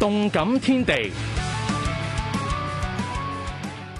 動感天地，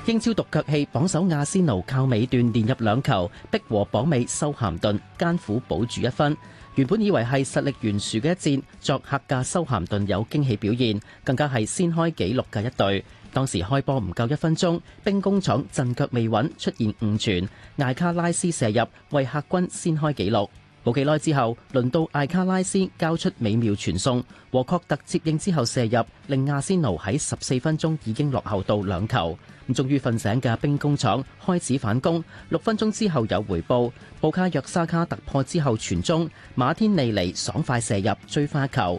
英超獨腳戲榜首亞仙奴靠尾段連入兩球，逼和榜尾修咸頓，艱苦保住一分。原本以為係實力懸殊嘅一戰，作客嘅修咸頓有驚喜表現，更加係先開紀錄嘅一隊。當時開波唔夠一分鐘，兵工廠陣腳未穩，出現誤傳，艾卡拉斯射入，為客軍先開紀錄。冇幾耐之後，輪到艾卡拉斯交出美妙傳送，和確特接應之後射入，令阿仙奴喺十四分鐘已經落後到兩球。咁終於瞓醒嘅兵工廠開始反攻，六分鐘之後有回報，布卡約沙卡突破之後傳中，馬天尼利爽快射入追花球。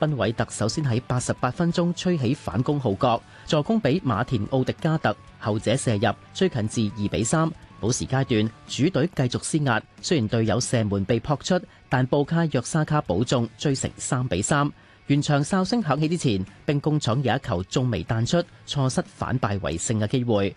賓韋特首先喺八十八分鐘吹起反攻號角，助攻俾馬田奧迪加特，後者射入，追近至二比三。補時階段，主隊繼續施壓，雖然隊友射門被撲出，但布卡約沙卡補中，追成三比三。完場哨聲響起之前，兵工廠有一球仲未彈出，錯失反敗為勝嘅機會。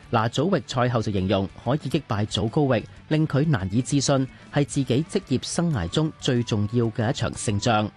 嗱，祖域賽後就形容可以擊敗祖高域，令佢難以置信，係自己職業生涯中最重要嘅一場勝仗。